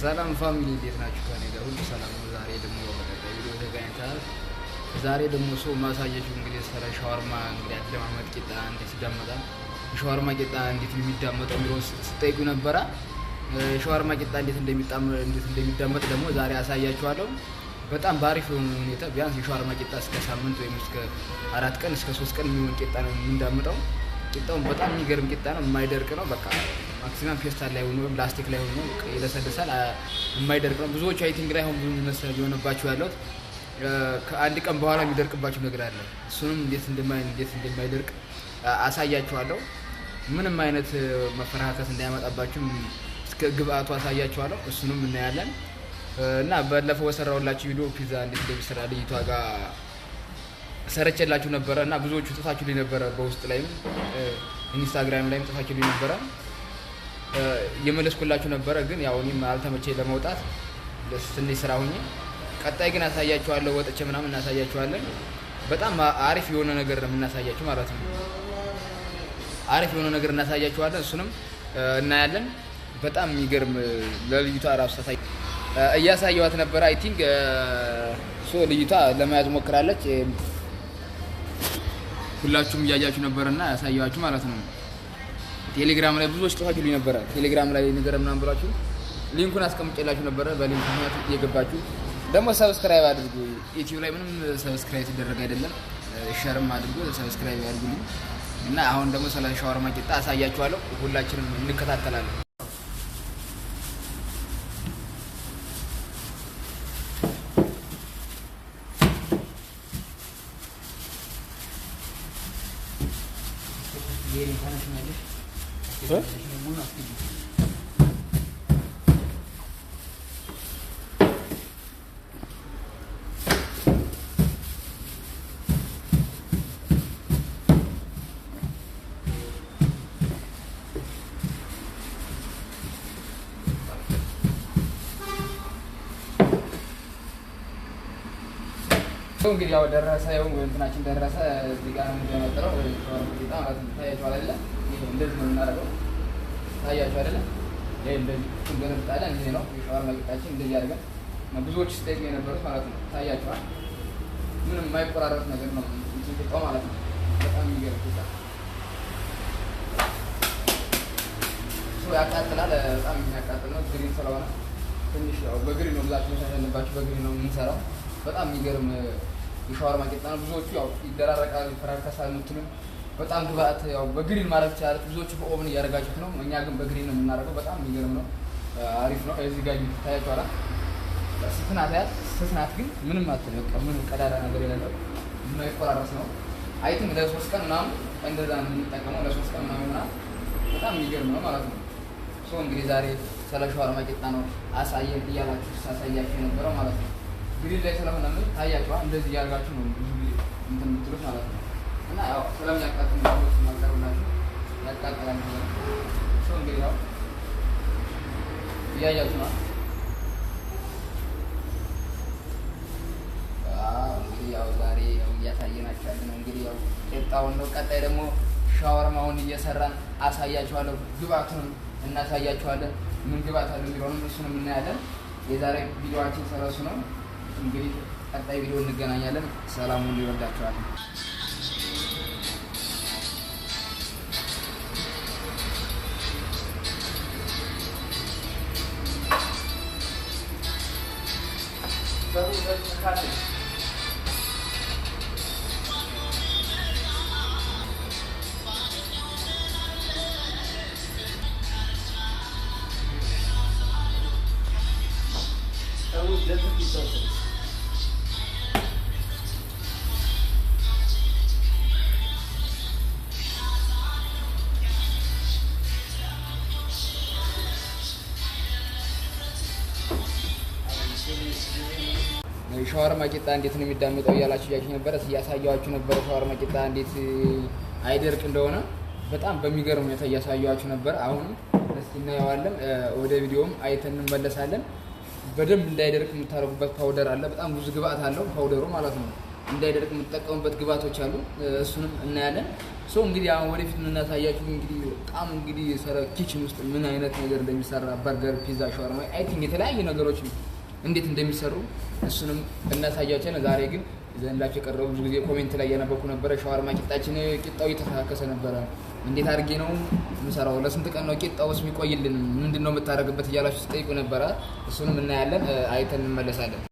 ሰላም ፋሚሊ እንዴት ናችሁ? ከኔ ጋር ሁሉ ሰላም ነው። ዛሬ ደግሞ በቀጣይ ቪዲዮ ተገናኝተናል። ዛሬ ደግሞ ሰው ማሳያችሁ እንግዲህ ስለ ሻዋርማ እንግዲህ አደማመጥ ቂጣ እንዴት ይዳመጣል፣ ሻዋርማ ቂጣ እንዴት የሚዳመጠው የሚለውን ስትጠይቁ ነበረ። ሻዋርማ ቂጣ እንዴት እንደሚዳመጥ ደግሞ ዛሬ አሳያችኋለሁ። በጣም በአሪፍ የሆነ ሁኔታ ቢያንስ የሻዋርማ ቂጣ እስከ ሳምንት ወይም እስከ አራት ቀን እስከ ሶስት ቀን የሚሆን ቂጣ ነው የምንዳምጠው። ቂጣውን በጣም የሚገርም ቂጣ ነው። የማይደርቅ ነው። በቃ ማክሲማም ፌስታል ላይ ሆኖ ወይም ላስቲክ ላይ ሆኖ ይለሰልሳል። የማይደርቅ ነው። ብዙዎቹ አይቲንግ ላይ አሁን ብዙ የሆነባቸው ያለት ከአንድ ቀን በኋላ የሚደርቅባቸው ነገር አለ። እሱንም እንዴት እንዴት እንደማይደርቅ አሳያችኋለሁ። ምንም አይነት መፈራከት እንዳያመጣባችሁም እስከ ግብአቱ አሳያችኋለሁ። እሱንም እናያለን እና ባለፈው በሰራሁላችሁ ቪዲዮ ፒዛ እንዴት እንደሚሰራ ልይቷ ጋር ሰረቸላችሁ ነበረ እና ብዙዎቹ ጽፋችሁልኝ ነበረ። በውስጥ ላይም ኢንስታግራም ላይም ጽፋችሁልኝ ነበረ የመለስኩላችሁ ነበረ። ግን ያው እኔም አልተመቼ ለመውጣት ትንሽ ስራ ሁኜ፣ ቀጣይ ግን አሳያችኋለሁ። ወጥቼ ምናምን እናሳያችኋለን። በጣም አሪፍ የሆነ ነገር ነው የምናሳያችሁ ማለት ነው። አሪፍ የሆነ ነገር እናሳያችኋለን። እሱንም እናያለን። በጣም የሚገርም ለልዩቷ ራሱ እያሳየዋት ነበረ። አይ ቲንክ ሶ ልዩቷ ለመያዝ ሞክራለች። ሁላችሁም እያያችሁ ነበረና ያሳያችሁ ማለት ነው። ቴሌግራም ላይ ብዙዎች ጽፋችሁ ነበረ። ቴሌግራም ላይ ነገር ምናምን ብላችሁ ሊንኩን አስቀምጬላችሁ ነበረ። በሊንክ ምክንያት እየገባችሁ ደግሞ ሰብስክራይብ አድርጉ። ዩቲዩብ ላይ ምንም ሰብስክራይብ ሲደረግ አይደለም። ሸርም አድርጉ፣ ሰብስክራይብ ያድርጉልኝ እና አሁን ደግሞ ስለ ሻወርማ ቂጣ አሳያችኋለሁ። ሁላችንም እንከታተላለን። Sungguh dia udah rasa ya, orang pernah cerita rasa di kanan jalan terus kita nggak tahu ada እንደዚህ ነው የምናደርገው። ታያችሁ አይደለ? ይሄ እንደዚህ እንገነብጣለን። ይሄ ነው የሸዋርማ ጌጣችን። እንደዚህ አድርገን ነው ብዙዎች ስጠይቁ የነበሩት ማለት ነው። ታያችኋል። ምንም የማይቆራረጥ ነገር ነው ጌጣው ማለት ነው። በጣም የሚገርም ያቃጥላል። በጣም የሚያቃጥል ነው። ግሪን ስለሆነ ትንሽ ያው በግሪን ነው ብላችሁ መሻሻል ያለባችሁ። በግሪን ነው የምንሰራው። በጣም የሚገርም የሻወርማ ጌጣ ነው። ብዙዎቹ ያው ይደራረቃል፣ ይፈራከሳል የምትሉን በጣም ግብአት ያው በግሪን ማድረግ ትችላለች። ብዙዎቹ በኦብን እያደረጋችሁት ነው። እኛ ግን በግሪን ነው የምናደርገው። በጣም የሚገርም ነው። አሪፍ ነው። እዚህ ጋር ታያችኋል። ስትናት ያት ስትናት ግን ምንም አትል በቃ ምንም ቀዳዳ ነገር የሌለው የማይቆራረስ ነው። አይትም ለሶስት ቀን ምናምን እንደዛ ነው የምንጠቀመው። ለሶስት ቀን ምናምን ምናምን በጣም የሚገርም ነው ማለት ነው። ሶ እንግዲህ ዛሬ ስለ ሸዋርማ ቂጣ ነው አሳየን እያላችሁ ሳሳያችሁ የነበረው ማለት ነው። ግሪን ላይ ስለሆነ ምን ታያችኋል። እንደዚህ እያደርጋችሁ ነው ብዙ ጊዜ እንትን የምትሉት ማለት ነው። ስለሚያቃጥል ነገሮች ማቀርብላቸው ያቃጠላል ይላል። ሰው እንግዲህ ያው እያያችሁ ነው። እንግዲህ ያው ነው። ቂጣውን ነው። ቀጣይ ደግሞ ሻወርማውን እየሰራን አሳያችኋለሁ። ግባቱን እናሳያችኋለን። ምን ግብአት አለ የሚለውንም እሱንም እናያለን። የዛሬ ቪዲዮዋችን ስለሱ ነው። እንግዲህ ቀጣይ ቪዲዮ እንገናኛለን። ሰላሙን ይወዳችኋል። Dikkat edin. Thank you. ሸዋርማ ቂጣ እንዴት ነው የሚዳምጠው እያላችሁ እያችሁ ነበረ። እያሳየኋችሁ ነበረ። ሸዋርማ ቂጣ እንዴት አይደርቅ እንደሆነ በጣም በሚገርም ሁኔታ እያሳየኋችሁ ነበር። አሁን እስኪ እናየዋለን። ወደ ቪዲዮም አይተን እንመለሳለን። በደንብ እንዳይደርቅ የምታደርጉበት ፓውደር አለ። በጣም ብዙ ግብአት አለው ፓውደሩ ማለት ነው። እንዳይደርቅ የምትጠቀሙበት ግብአቶች አሉ። እሱንም እናያለን። ሰው እንግዲህ አሁን ወደፊት የምናሳያችሁ እንግዲህ በጣም እንግዲህ ሰረ ኪችን ውስጥ ምን አይነት ነገር እንደሚሰራ በርገር፣ ፒዛ፣ ሸዋርማ አይ ቲንክ የተለያዩ ነገሮች እንዴት እንደሚሰሩ እሱንም እናሳያችን። ዛሬ ግን ዘንላቸው የቀረቡ ብዙ ጊዜ ኮሜንት ላይ እያነበኩ ነበረ። ሸዋርማ ቂጣችን ቂጣው እየተካከሰ ነበረ። እንዴት አድርጌ ነው የምሰራው? ለስንት ቀን ነው ቂጣውስ የሚቆይልን? ምንድን ነው የምታደርግበት እያላችሁ ስጠይቁ ነበረ። እሱንም እናያለን፣ አይተን እንመለሳለን።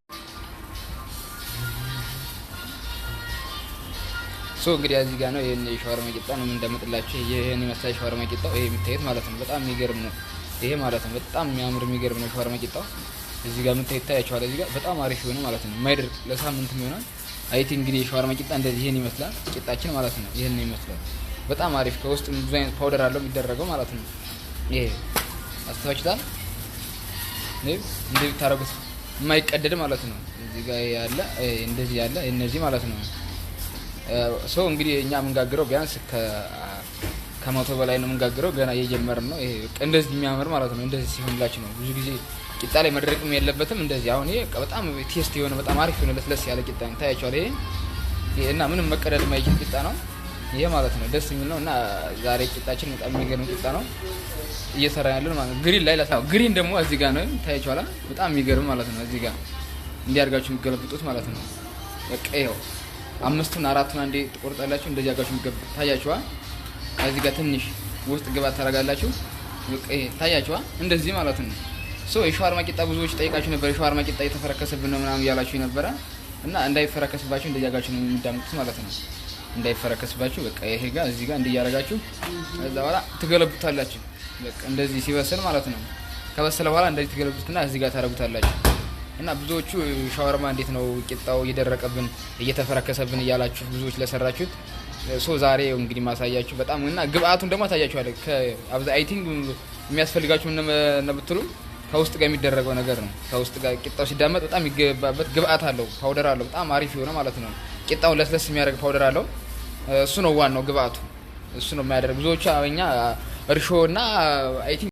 ሶ እንግዲህ እዚህ ጋር ነው ይህን የሸዋርማ ቂጣ ነው የምንደምጥላችሁ። ይህን የመሳይ ሸዋርማ ቂጣው ይሄ የሚታየት ማለት ነው። በጣም የሚገርም ነው ይሄ ማለት ነው። በጣም የሚያምር የሚገርም ነው ሸዋርማ ቂጣው እዚህ ጋር ምታይ ይታያቸዋል። እዚህ ጋር በጣም አሪፍ የሆነ ማለት ነው ማይደር ለሳምንት ይሆናል። አይት እንግዲህ የሸዋርማ ቂጣ እንደዚህ ይህን ይመስላል። ቂጣችን ማለት ነው ይህን ይመስላል። በጣም አሪፍ ከውስጥ ብዙ አይነት ፓውደር አለው የሚደረገው ማለት ነው። ይሄ አስተዋችታል እንደዚህ ብታደረጉት የማይቀደድ ማለት ነው። እዚህ ጋር ያለ እንደዚህ ያለ እነዚህ ማለት ነው። ሰው እንግዲህ እኛ የምንጋግረው ቢያንስ ከ ከመቶ በላይ ነው የምንጋግረው። ገና እየጀመርን ነው። ይሄ እንደዚህ የሚያምር ማለት ነው። እንደዚህ ሲሆንላችሁ ነው። ብዙ ጊዜ ቂጣ ላይ መድረቅም የለበትም። እንደዚህ አሁን ይሄ በጣም ቴስት የሆነ በጣም አሪፍ የሆነ ለስለስ ያለ ቂጣ ታያቸዋል። ይሄ እና ምንም መቀደድ የማይችል ቂጣ ነው ይሄ ማለት ነው። ደስ የሚል ነው እና ዛሬ ቂጣችን በጣም የሚገርም ቂጣ ነው እየሰራ ያለን ማለት ነው። ግሪን ላይ ላሳው። ግሪን ደግሞ እዚህ ጋር ነው ታያቸዋል። በጣም የሚገርም ማለት ነው። እዚህ ጋር እንዲያርጋችሁ የሚገለብጡት ማለት ነው። በቃ ይኸው አምስቱን አራቱን አንዴ ትቆርጣላችሁ። እንደዚህ አርጋችሁ ታያችኋል። እዚህ ጋር ትንሽ ውስጥ ግባት ታደርጋላችሁ። ታያችኋ እንደዚህ ማለት ነው። ሶ የሸዋርማ ቂጣ ብዙዎች ጠይቃችሁ ነበር። የሸዋርማ ቂጣ እየተፈረከሰብን ነው ምናምን እያላችሁ ነበረ እና እንዳይፈረከስባችሁ እንደያጋችሁ ነው የሚዳምጡት ማለት ነው። እንዳይፈረከስባችሁ በቃ ይሄ ጋር እዚህ ጋር እንዲያረጋችሁ ከዛ በኋላ ትገለብታላችሁ። በቃ እንደዚህ ሲበስል ማለት ነው። ከበሰለ በኋላ እንደዚህ ትገለብጡትና እዚህ ጋር ታደርጉታላችሁ። እና ብዙዎቹ ሻወርማ እንዴት ነው ቂጣው እየደረቀብን እየተፈረከሰብን እያላችሁ ብዙዎች ለሰራችሁት ሶ ዛሬ እንግዲህ ማሳያችሁ በጣም እና ግብአቱን ደግሞ አሳያችኋለሁ። አብዛ አይ ቲንክ የሚያስፈልጋችሁ ምን ነብትሉ ከውስጥ ጋር የሚደረገው ነገር ነው። ከውስጥ ጋር ቂጣው ሲዳመጥ በጣም የሚገባበት ግብአት አለው፣ ፓውደር አለው። በጣም አሪፍ የሆነ ማለት ነው። ቂጣውን ለስለስ የሚያደርግ ፓውደር አለው። እሱ ነው ዋናው ግብአቱ፣ እሱ ነው የሚያደርግ ብዙዎቹ እኛ እርሾ እና አይ ቲንክ